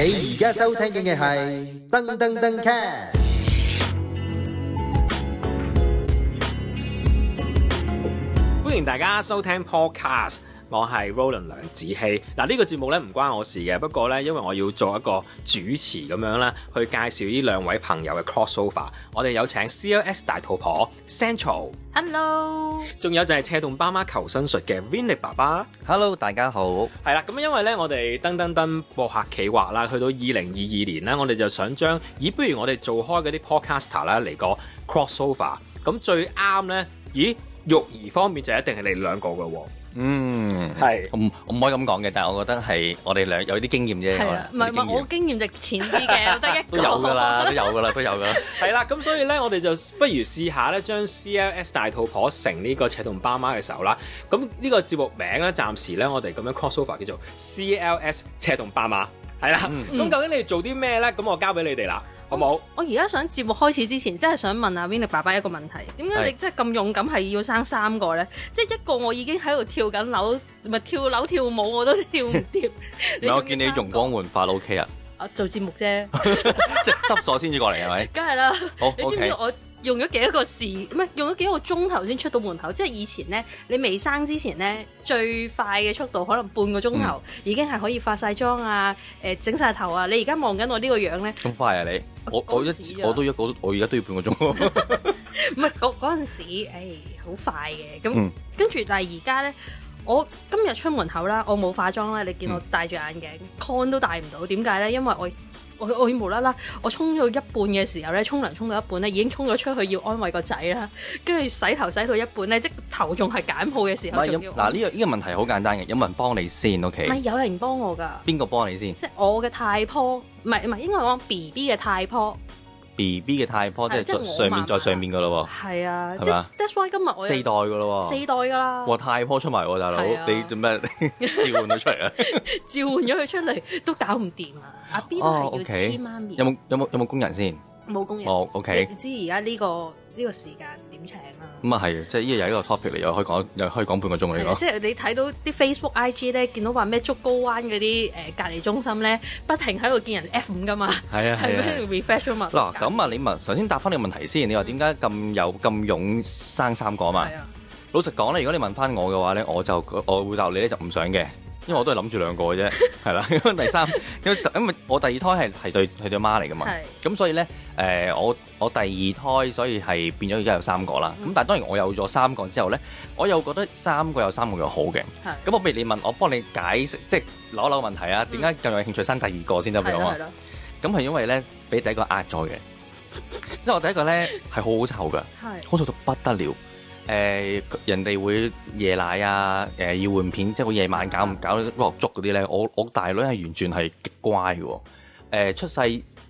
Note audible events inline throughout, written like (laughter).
你而家收聽嘅係燈登登 cast，歡迎大家收聽 podcast。我係 Roland 梁子希嗱，呢個節目咧唔關我事嘅。不過咧，因為我要做一個主持咁樣啦，去介紹呢兩位朋友嘅 crossover。我哋有請 CLS 大肚婆 Central，Hello，仲有就係斜動爸媽求生術嘅 Vinny 爸爸，Hello，大家好。係啦，咁因為咧，我哋燈登登播客企劃啦，去到二零二二年啦，我哋就想將咦，不如我哋做開嗰啲 podcaster 啦嚟個 crossover。咁最啱咧，咦，育兒方面就一定係你兩個嘅喎。嗯，係，唔，我唔可以咁講嘅，但係我覺得係我哋兩有啲經驗啫，唔係唔係我經驗值淺啲嘅，得一個 (laughs) 都有噶啦，都有噶啦， (laughs) 都有噶的。係 (laughs) 啦，咁所以咧，我哋就不如試下咧，將 CLS 大肚婆成呢個赤同巴馬嘅時候啦。咁呢個節目名咧，暫時咧，我哋咁樣 cross over 叫做 CLS 赤同巴馬。係啦，咁、嗯、究竟你哋做啲咩咧？咁我交俾你哋啦。好冇？我而家想節目開始之前，真係想問阿 Vinnie 爸爸一個問題，點解你真係咁勇敢，係要生三個咧？即係一個我已經喺度跳緊樓，咪跳樓跳舞我都跳唔跳？唔 (laughs) 我見你容光煥發，OK 啊？啊做節目啫，執咗先至過嚟係咪？梗係啦，你知唔知、okay. 我？用咗幾多個時，唔係用咗幾個鐘頭先出到門口，即係以前咧，你未生之前咧，最快嘅速度可能半個鐘頭，已經係可以化晒妝啊，誒、呃、整晒頭啊。你而家望緊我呢個樣咧，咁快啊你？我我，我一我都一我都我而家都要半個鐘。唔係嗰嗰陣時，誒 (laughs) 好、 (laughs) 哎、快嘅，咁跟住但係而家咧，我今日出門口啦，我冇化妝啦，你見我戴住眼鏡，con、嗯、都戴唔到，點解咧？因為我。我我冇啦啦，我沖咗一半嘅時候咧，沖涼沖到一半咧，已經沖咗出去要安慰個仔啦，跟住洗頭洗到一半咧，即頭仲係梘泡嘅時候。嗱呢個呢個問題好簡單嘅，有冇人幫你先？OK？唔係有人幫我㗎。邊個幫你先？即我嘅太婆，唔係唔係，應該講 BB 嘅太婆。B B 嘅太婆即係上面再上面嘅咯係啊，即係 That's why 今日我四代嘅咯四代噶啦，哇太婆出埋喎大佬，你做咩 (laughs) 召喚咗出嚟啊？ (laughs) 召喚咗佢出嚟 (laughs) 都搞唔掂啊！阿 B 係要黐媽咪、哦 okay，有冇有冇有冇工人先？冇工人、哦、，O、okay、K，你知而家呢個呢、這個時間點請。咁啊，係，即係依個又一個 topic 嚟，又可以講，又可以講半個鐘嚟咯。即係你睇到啲 Facebook、IG 咧，見到話咩竹篙灣嗰啲誒隔離中心咧，不停喺度見人 F 五㗎嘛。係啊係啊。Refresh 咗物件。嗱，咁啊，你問，首先答翻你問題先。你話點解咁有咁勇生三個啊？嘛。係啊。老實講咧，如果你問翻我嘅話咧，我就我會答你咧，就唔想嘅。因為我都係諗住兩個嘅啫，係啦。咁第三，因為因為我第二胎係係對係對孖嚟嘅嘛。咁所以咧，誒我我第二胎，所以係變咗而家有三個啦。咁但係當然我有咗三個之後咧，我又覺得三個有三個嘅好嘅。咁我譬如你問我幫你解釋，即係攞攞個問題啊，點解咁有興趣生第二個先得嘅喎？咁係因為咧，俾第一個壓咗嘅。因為我第一個咧係好好湊嘅，好湊到不得了。誒、呃、人哋會夜奶啊，誒、呃、要換片即係我夜晚搞唔搞落粥嗰啲咧？我我大女係完全係極乖嘅，誒、呃、出世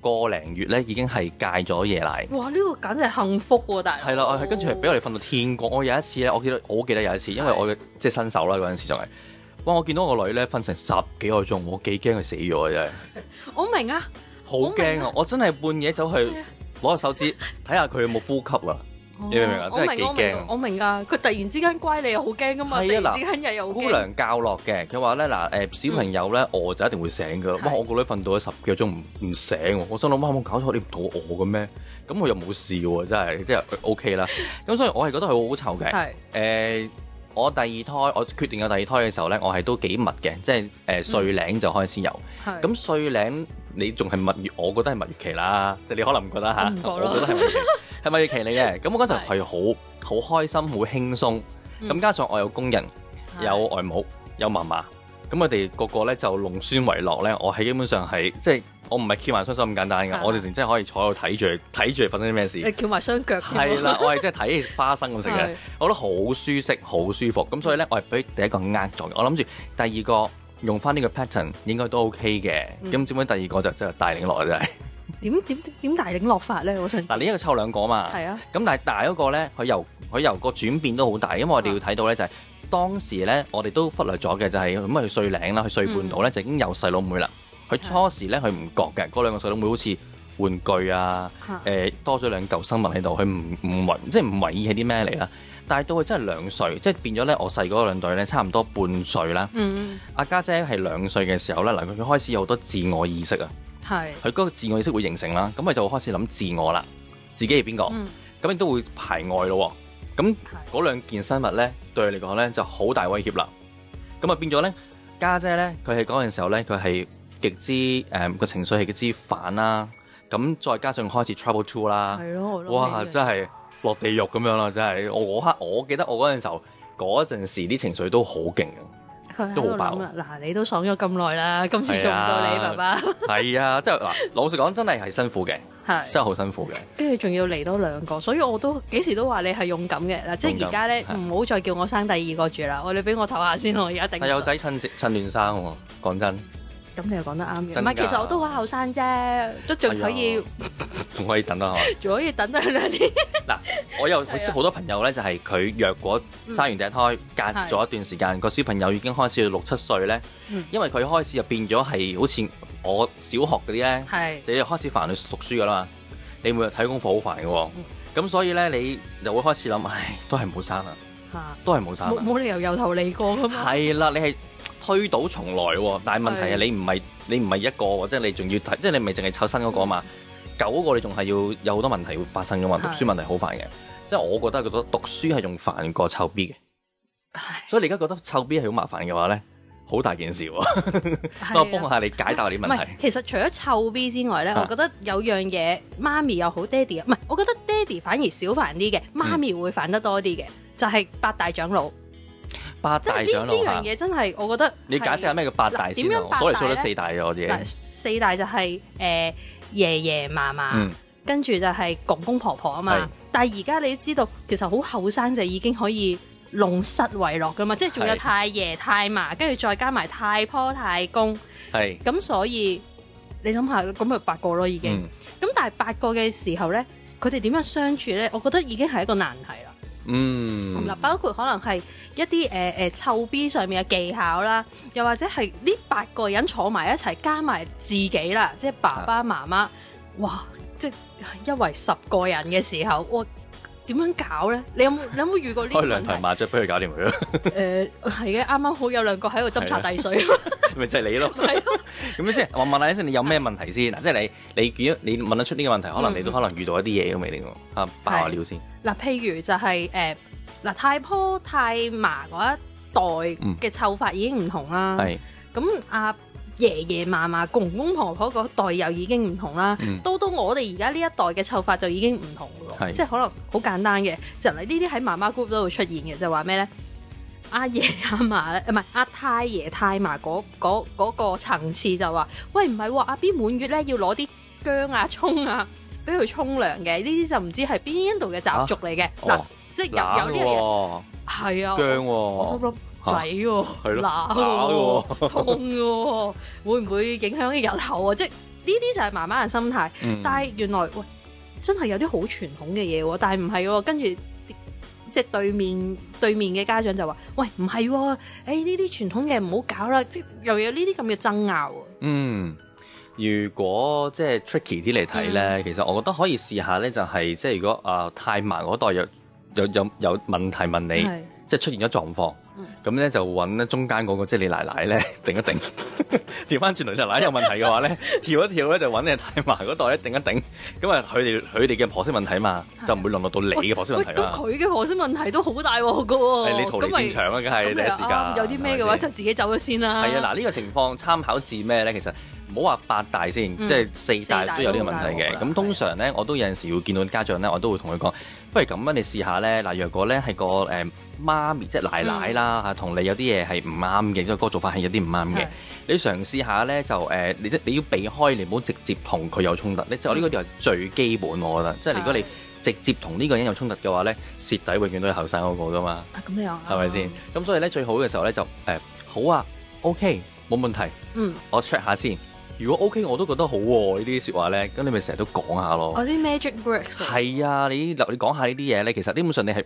個零月咧已經係戒咗夜奶。哇！呢、這個簡直係幸福喎、啊，大女。係啦，係、哦、跟住係俾我哋瞓到天光。我有一次咧，我記得我記得有一次，因為我嘅即係新手啦嗰陣時就係，哇！我見到我女咧瞓成十幾個鐘，我幾驚佢死咗真係。我明啊， (laughs) 好驚啊，啊！我真係半夜走去攞個手指睇下佢有冇呼吸啦、啊。你明唔明啊？真係幾驚！我明噶，佢突然之間乖你又好驚噶嘛的，突然之間又又驚。姑娘教落嘅，佢話咧嗱誒小朋友咧餓、嗯、就一定會醒嘅。哇、嗯！我個女瞓到咗十幾個鐘唔唔醒，我心諗哇冇搞錯你唔肚餓嘅咩？咁我又冇事喎，真係即係 OK 啦。咁所以我係覺得佢好湊嘅。係、嗯、誒、呃，我第二胎我決定有第二胎嘅時候咧，我係都幾密嘅，即係誒歲零就開始有。係咁歲零。你仲係蜜月，我覺得係蜜月期啦，即、就、係、是、你可能唔覺得嚇，我覺得，我覺得係蜜月期，係 (laughs) 蜜月期嚟嘅。咁我嗰陣係好好開心，好輕鬆。咁、嗯、加上我有工人，有外母，有嫲嫲，咁我哋個個咧就弄酸為樂弄孫為樂咧。我係基本上係即係我唔係翹埋雙手咁簡單㗎，我哋成真可以坐喺度睇住睇住發生啲咩事，翹埋雙腳。係啦，我係即係睇花生咁食嘅，我覺得好舒適，好舒服。咁所以咧，我係俾第一個呃作用。我諗住第二個。用翻呢個 pattern 應該都 OK 嘅，咁點解第二個就真係大領落？真係點點點大領落法咧？我想嗱，你一個湊兩個嘛，係啊，咁但係大嗰個咧，佢由佢由個轉變都好大，因為我哋要睇到咧就係、是、當時咧，我哋都忽略咗嘅就係咁啊，佢碎領啦，佢碎半度咧就已經有細佬妹啦，佢、嗯、初時咧佢唔覺嘅，嗰兩個細佬妹好似。玩具啊，啊多咗兩嚿生物喺度，佢唔唔即係唔為意係啲咩嚟啦？但係到佢真係兩歲，即係變咗咧。我細嗰個兩對咧，差唔多半歲啦。阿、嗯、家、啊、姐係兩歲嘅時候咧，嗱佢開始有好多自我意識啊。係佢嗰個自我意識會形成啦，咁佢就開始諗自我啦，自己係邊個？咁、嗯、亦都會排外咯。咁嗰兩件生物咧，對佢嚟講咧就好大威脅啦。咁啊變咗咧，家姐咧佢係嗰陣時候咧，佢係極之誒個、呃、情緒係極之反啦、啊。咁再加上開始 trouble two 啦，哇，真係落地獄咁樣啦，真係我嗰刻，我記得我嗰陣時候嗰陣時啲情緒都好勁啊，都好爆嗱，你都爽咗咁耐啦，今次做唔到你爸爸。係啊，即係嗱，老實講真係係辛苦嘅，係真係好辛苦嘅。跟住仲要嚟多兩個，所以我都幾時都話你係勇敢嘅嗱，即係而家咧唔好再叫我生第二個住啦，我哋俾我唞下先，我而家定。定。有仔趁趁亂生喎，講真。咁你又講得啱嘅，唔係其實我都好後生啫，都仲可以，仲、哎、可以等啊，仲 (laughs) 可以等多兩年。嗱，我又識好多朋友咧，就係、是、佢若果生完第一胎，隔咗一段時間，個小朋友已經開始六七歲咧、嗯，因為佢開始就變咗係好似我小學嗰啲咧，就是、開始煩去讀書噶啦嘛，你每日睇功課好煩嘅喎，咁、嗯、所以咧你就會開始諗，唉，都係唔好生啦。都係冇生冇理由由頭嚟過噶嘛，係啦。你係推倒重來喎，但係問題係你唔係你唔係一個喎，即係你仲要睇，即係你唔係淨係湊新嗰個啊嘛，嗯、舊嗰個你仲係要有好多問題會發生噶嘛。讀書問題好煩嘅，即係我覺得覺得讀書係仲煩過湊 B 嘅，所以你而家覺得湊 B 係好麻煩嘅話咧，好大件事喎。幫 (laughs) 我幫下你解答啲問題。其實除咗湊 B 之外咧、啊，我覺得有樣嘢媽咪又好，爹哋唔係，我覺得爹哋反而少煩啲嘅，媽咪會煩得多啲嘅。嗯就係、是、八大長老，八大長老呢樣嘢真係，我覺得你解釋下咩叫八大、啊？點樣所謂縮得四大啲嘢，四大就係誒爺爺嫲嫲，跟、呃、住、嗯、就係公公婆婆啊嘛。嗯、但係而家你都知道，其實好後生就已經可以弄孫為樂噶嘛，嗯、即係仲有太爺太嫲，跟住再加埋太婆太公。係、嗯、咁，所以你諗下，咁咪八個咯已經。咁、嗯、但係八個嘅時候咧，佢哋點樣相處咧？我覺得已經係一個難題。嗯，嗱，包括可能係一啲誒誒臭 B 上面嘅技巧啦，又或者係呢八個人坐埋一齊加埋自己啦，即係爸爸媽媽哇！即係一圍十個人嘅時候，我。點樣搞咧？你有冇你有冇遇過呢個問題？開兩台麻雀俾佢搞掂佢咯。誒，係嘅，啱啱好有兩個喺度執茶遞水，咪就係你咯。係咯，咁樣先，我問下你先，你有咩問題先？嗱，即係你，你如果你問得出呢個問題，可能你都可能遇到一啲嘢咁嚟嘅。爆下料先。嗱，譬如就係誒，嗱，太婆太嫲嗰一代嘅湊法已經唔同啦。係，咁阿。爺爺嫲嫲、公公婆婆嗰代又已經唔同啦，到、嗯、到我哋而家呢一代嘅湊法就已經唔同咯，即係可能好簡單嘅。就係呢啲喺媽媽 group 都會出現嘅，就話咩咧？阿、啊、爺阿嫲咧，唔係阿太爺太嫲嗰嗰個層次就話：喂，唔係、啊、阿 B 滿月咧，要攞啲薑啊、葱啊，俾佢沖涼嘅。呢啲就唔知係邊度嘅習俗嚟嘅。嗱、啊哦，即係有有呢樣嘢係啊，薑。仔㗎、哦，鬧、啊哦哦、痛控、哦、 (laughs) 會唔會影響你日後啊？即係呢啲就係媽媽嘅心態，嗯、但係原來，喂，真係有啲好傳統嘅嘢喎，但係唔係喎。跟住即係對面對面嘅家長就話：喂，唔係誒，呢啲傳統嘅唔好搞啦。即又有呢啲咁嘅爭拗、啊。嗯，如果即係 tricky 啲嚟睇咧，其實我覺得可以試一下咧、就係，就係即係如果啊太慢嗰代有有有有問題問你，即係出現咗狀況。咁、嗯、咧就揾咧中間嗰、那個，即、就、係、是、你奶奶咧定一定。調翻轉頭就奶有問題嘅話咧， (laughs) 跳一跳咧就揾你太嫲嗰代定一定。咁啊，佢哋佢哋嘅婆媳問題嘛，就唔會淪落到你嘅婆媳問題啦。佢嘅婆媳問題都好大喎，個、欸、梗係第一時間、啊，有啲咩嘅話就自己走咗先啦。係、嗯、啊，嗱呢個情況參考至咩咧？其實唔好話八大先，即係四大都有呢個問題嘅。咁通常咧，我都有陣時會見到家長咧，我都會同佢講。不如咁樣，你試下咧。嗱，若果咧係個誒媽咪即係奶奶啦嚇，同你有啲嘢係唔啱嘅，即係嗰個做法係有啲唔啱嘅。你嘗試下咧就誒，你你要避開，你唔好直接同佢有衝突。即我呢個就係最基本，我覺得。即係、就是、如果你直接同呢個人有衝突嘅話咧，蝕底永遠都係後生嗰個噶嘛。咁、啊、樣係咪先？咁、嗯、所以咧最好嘅時候咧就誒，好啊，OK，冇問題。嗯，我 check 下先。如果 OK 我都覺得好喎，呢啲說話咧，咁你咪成日都講下咯。我啲 magic breaks 係啊，你，嗱你講下呢啲嘢咧，其實基本上你係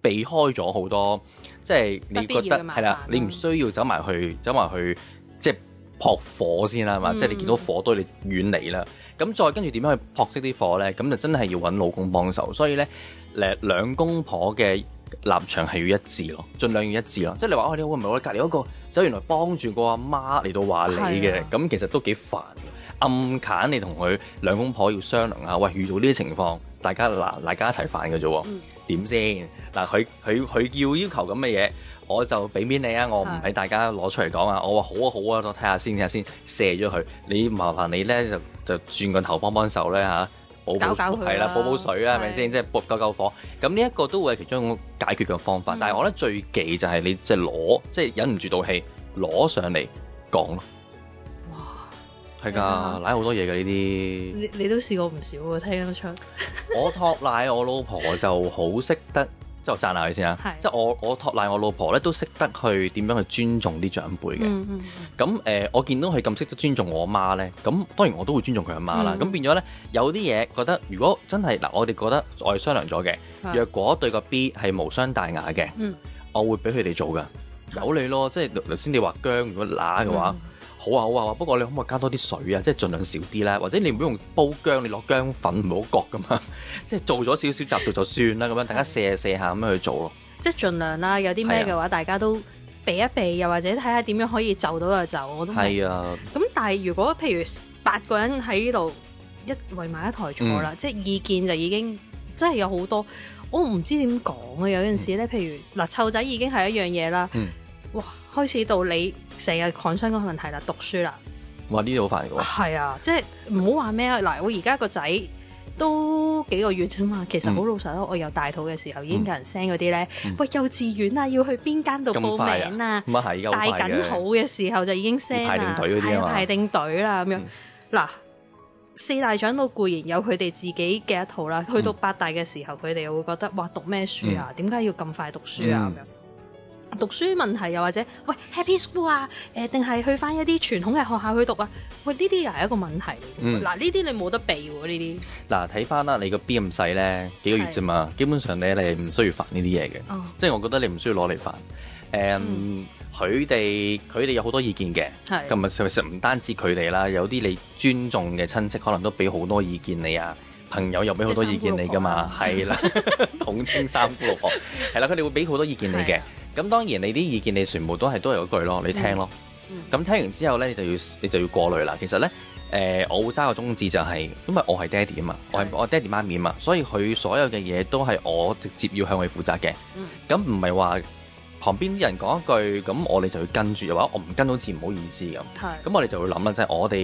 避開咗好多，即係、你覺得係啦，你唔需要走埋去，走埋去即係撲火先啦，係嘛、嗯？即係你見到火堆，你遠離啦。咁再跟住點樣去撲熄啲火咧？咁就真係要搵老公幫手。所以咧，誒兩公婆嘅立場係要一致咯，盡量要一致咯。即係你話，哦、哎，你好，唔係我隔離嗰個走？原來幫住個阿媽嚟到話你嘅，咁、啊、其實都幾煩。暗揀你同佢兩公婆要商量下。喂，遇到呢啲情況，大家嗱，大家一齊煩㗎。嗯」啫。點先？嗱，佢佢佢要要求咁嘅嘢。我就俾面你啊！我唔俾大家攞出嚟講啊！我話好啊好啊，我睇下先睇下先卸咗佢。你麻煩你咧就就轉個頭幫幫手咧吓，補、啊、補、啊、水係啦，補補水啦，係咪先？即係撲救救火。咁呢一個都會係其中一個解決嘅方法。嗯、但係我覺得最忌就係你即係攞，即係忍唔住道氣攞上嚟講咯。哇！係㗎，賴好多嘢嘅呢啲。你你都試過唔少㗎，聽得出 (laughs) 我托賴，我老婆就好識得。就贊下佢先啦，即係我我託賴我老婆咧，都識得去點樣去尊重啲長輩嘅。咁、嗯、誒、嗯呃，我見到佢咁識得尊重我媽咧，咁當然我都會尊重佢阿媽啦。咁、嗯、變咗咧，有啲嘢覺得如果真係嗱，我哋覺得我哋商量咗嘅，若果對個 B 係無傷大雅嘅、嗯，我會俾佢哋做㗎。有你咯，即係頭先你話姜如果乸嘅話。嗯嗯好啊好啊，不過你可唔可以加多啲水啊？即係儘量少啲啦、啊，或者你唔好用煲姜，你攞姜粉唔好焗咁啊！即係做咗少少，集到就算啦咁 (laughs) 樣，大家卸下試下咁樣去做咯。即係儘量啦、啊，有啲咩嘅話、啊，大家都避一避，又或者睇下點樣可以就到就走。我都係啊。咁但係如果譬如八個人喺呢度一圍埋一台坐啦、嗯，即係意見就已經真係有好多，我唔知點講啊！有陣時咧、嗯，譬如嗱、呃，臭仔已經係一樣嘢啦。哇、嗯！開始到你成日講出嗰個問題啦，讀書啦，哇，呢度好煩嘅，係啊，即係唔好話咩啊嗱，我而家個仔都幾個月咋嘛，其實好老實咯、嗯，我有大肚嘅時候、嗯、已經有人 send 嗰啲咧，喂，幼稚園啊要去邊間度報名啊？咁快啊，快的大緊好嘅時候就已經 send 啦，排定隊嗰啲嘛，排定隊啦咁樣嗱、嗯，四大長老固然有佢哋自己嘅一套啦、嗯，去到八大嘅時候，佢哋又會覺得，哇，讀咩書啊，點、嗯、解要咁快讀書啊咁、嗯、樣。讀書問題又或者喂 Happy School 啊，誒定係去翻一啲傳統嘅學校去讀啊？喂，呢啲又係一個問題。嗱、嗯，呢啲你冇得避喎，呢啲。嗱，睇翻啦，你個 B 咁細咧，幾個月啫嘛，基本上你你唔需要煩呢啲嘢嘅。即係我覺得你唔需要攞嚟煩。誒、um, 嗯，佢哋佢哋有好多意見嘅。係。今日實唔單止佢哋啦，有啲你尊重嘅親戚可能都俾好多意見你啊，朋友又俾好多意見你噶嘛，係啦，統稱三姑六婆，係啦，佢哋 (laughs) (laughs) (laughs) 會俾好多意見你嘅。咁當然你啲意見你全部都係都係嗰句咯，你聽咯。咁、嗯嗯、聽完之後呢，你就要你就要過濾啦。其實呢，誒、呃，我會揸個宗旨就係、是，因為我係爹哋啊嘛，我係我爹哋媽咪啊嘛，所以佢所有嘅嘢都係我直接要向佢負責嘅。咁唔係話，旁邊啲人講一句，咁我哋就會跟住，又話我唔跟好似唔好意思咁。咁我哋就會諗啦、就是，即係我哋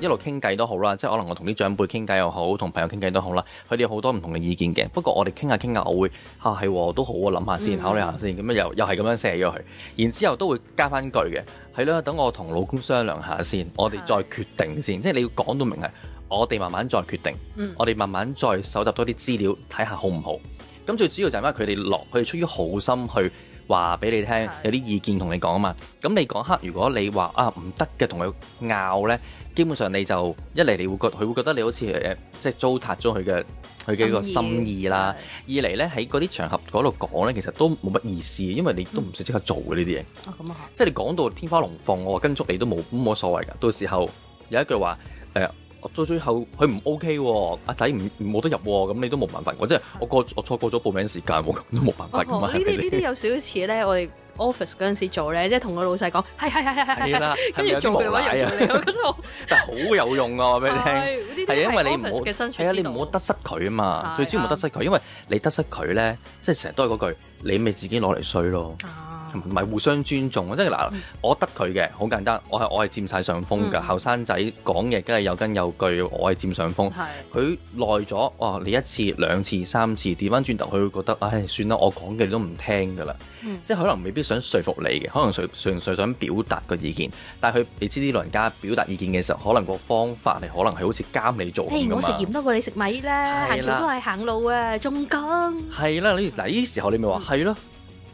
一路傾偈都好啦，即係可能我同啲長輩傾偈又好，同朋友傾偈都好啦。佢哋有好多唔同嘅意見嘅。不過我哋傾下傾下，我會啊係、啊，都好啊，諗下先，考慮下先。咁又又係咁樣寫咗佢，然之後都會加翻句嘅，係啦、啊，等我同老公商量下先，我哋再決定先。即係你要講到明係，我哋慢慢再決定。嗯、我哋慢慢再搜集多啲資料，睇下好唔好。咁最主要就係咩？佢哋落，佢哋出於好心去，話俾你聽，有啲意見同你講啊嘛，咁你講黑，如果你話啊唔得嘅，同佢拗呢，基本上你就一嚟你會覺，佢會覺得你好似誒，即係糟蹋咗佢嘅佢嘅個心意啦。意二嚟呢，喺嗰啲場合嗰度講呢，其實都冇乜意思，因為你都唔使、嗯啊、即刻做嘅呢啲嘢。咁即係你講到天花龍鳳，我話跟足你都冇冇所謂噶，到時候有一句話誒。呃到最後佢唔 OK 喎、啊，阿仔唔冇得入喎、啊，咁你都冇辦法、啊的我。我即係我過我錯過咗報名時間喎，我都冇辦法咁、啊、樣。哦，呢啲呢啲有少少似咧，我哋 office 嗰陣時做咧，即係同個老細講，係係係係係，跟住做嚟做嚟嗰度，但係好有用啊。 (laughs) 」我俾你聽。係因為你唔好，係你唔好得失佢啊嘛，最主要唔好得失佢，因為你得失佢咧，即係成日都係嗰句，你咪自己攞嚟衰咯。啊唔係互相尊重啊！即係嗱、嗯，我得佢嘅，好簡單。我係我係佔晒上風㗎。後生仔講嘢梗係有根有據，我係佔上風。佢耐咗，哇、哦！你一次、兩次、三次，調翻轉頭，佢會覺得，唉、哎，算啦，我講嘅你都唔聽㗎啦、嗯。即係可能未必想説服你嘅、嗯，可能純粹想表達個意見。但係佢，你知啲老人家表達意見嘅時候，可能個方法係可能係好似監你做咁啊。我食鹽多過你食米啦，啦行橋都係行路啊，仲更係啦。你嗱呢時候你咪話係咯。嗯，是啦。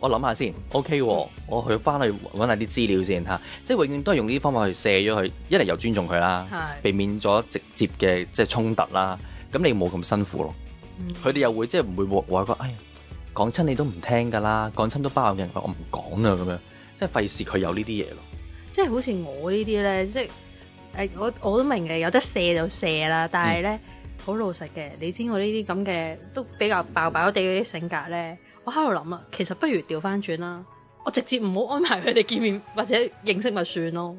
我諗下先，O、OK、K，、啊、我去翻去搵下啲資料先吓，即係永遠都係用呢啲方法去卸咗佢，一嚟又尊重佢啦，避免咗直接嘅即係衝突啦。咁你冇咁辛苦咯，佢、嗯、哋又會即係唔會話個哎呀講親你都唔聽噶啦，講親都包嘅人我唔講啦咁樣，即係費事佢有呢啲嘢咯。即係好似我呢啲咧，即係誒，我我都明嘅，有得卸就卸啦。但係咧好老實嘅，你知我呢啲咁嘅都比較爆爆地嗰啲性格咧。我喺度諗啊，其實不如調翻轉啦。我直接唔好安排佢哋見面或者認識咪算咯。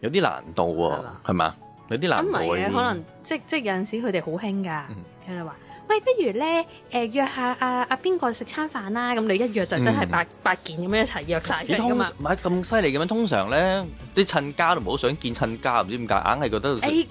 有啲難度喎，係嘛有啲難。咁唔係可能即即有陣時佢哋好興噶，佢哋話喂，不如咧誒約下阿阿邊個食餐飯啦。咁、啊啊、你一約就真係八、嗯、八件咁樣一齊約晒嘅嘛。唔係咁犀利嘅咩？通常咧啲親家都唔好想見親家，唔知點解，硬係覺得誒。欸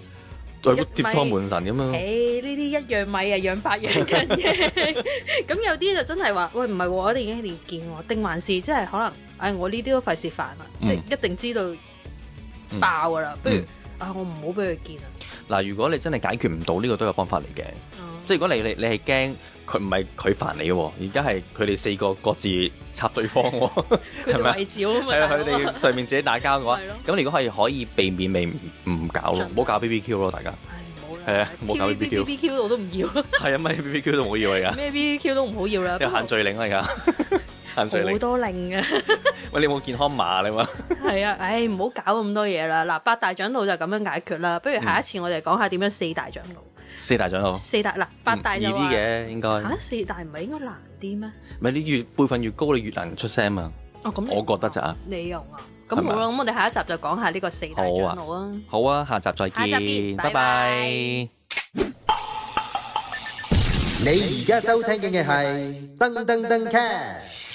再跌穿門神咁樣，誒呢啲一樣米啊，養百樣人嘅。咁 (laughs) (laughs) 有啲就真係話，喂唔係喎，我哋已經嚟見喎。定還是即係可能，唉、哎、我呢啲都費事煩啦，即係一定知道爆噶啦。不、嗯、如、嗯、啊，我唔好俾佢見啊。嗱，如果你真係解決唔到呢個，都有方法嚟嘅。嗯即係如果你你你係驚佢唔係佢煩你嘅喎、哦，而家係佢哋四個各自插對方喎、哦，係咪啊？係 (laughs) 啊，佢哋上面自己打交嘅話，咁 (laughs) 如果係可,可以避免未唔搞咯，唔 (laughs) 好搞 BBQ 咯，大家係啊，唔、哎、好搞 BBQ，BBQ BBQ 我都唔要咯。係 (laughs) 啊，咩 BBQ 都唔好要啊！咩 BBQ 都唔好要啦，限聚令嚟噶， (laughs) 限聚令好多令啊！ (laughs) 喂，你有冇健康碼你話？係 (laughs) 啊，唉、哎，唔好搞咁多嘢啦。嗱，八大長老就咁樣解決啦。不如下一次我哋講下點樣四大長老。嗯四大長老，四大嗱，八大，易啲嘅應該吓？四大唔係應該難啲咩？唔係你越輩份越高，你越難出聲啊！哦，咁，我覺得咋啊，你用啊，咁好啦，咁我哋下一集就講下呢個四大長老啊，好啊，下集再見，拜拜。你而家收聽嘅係燈登登 cast。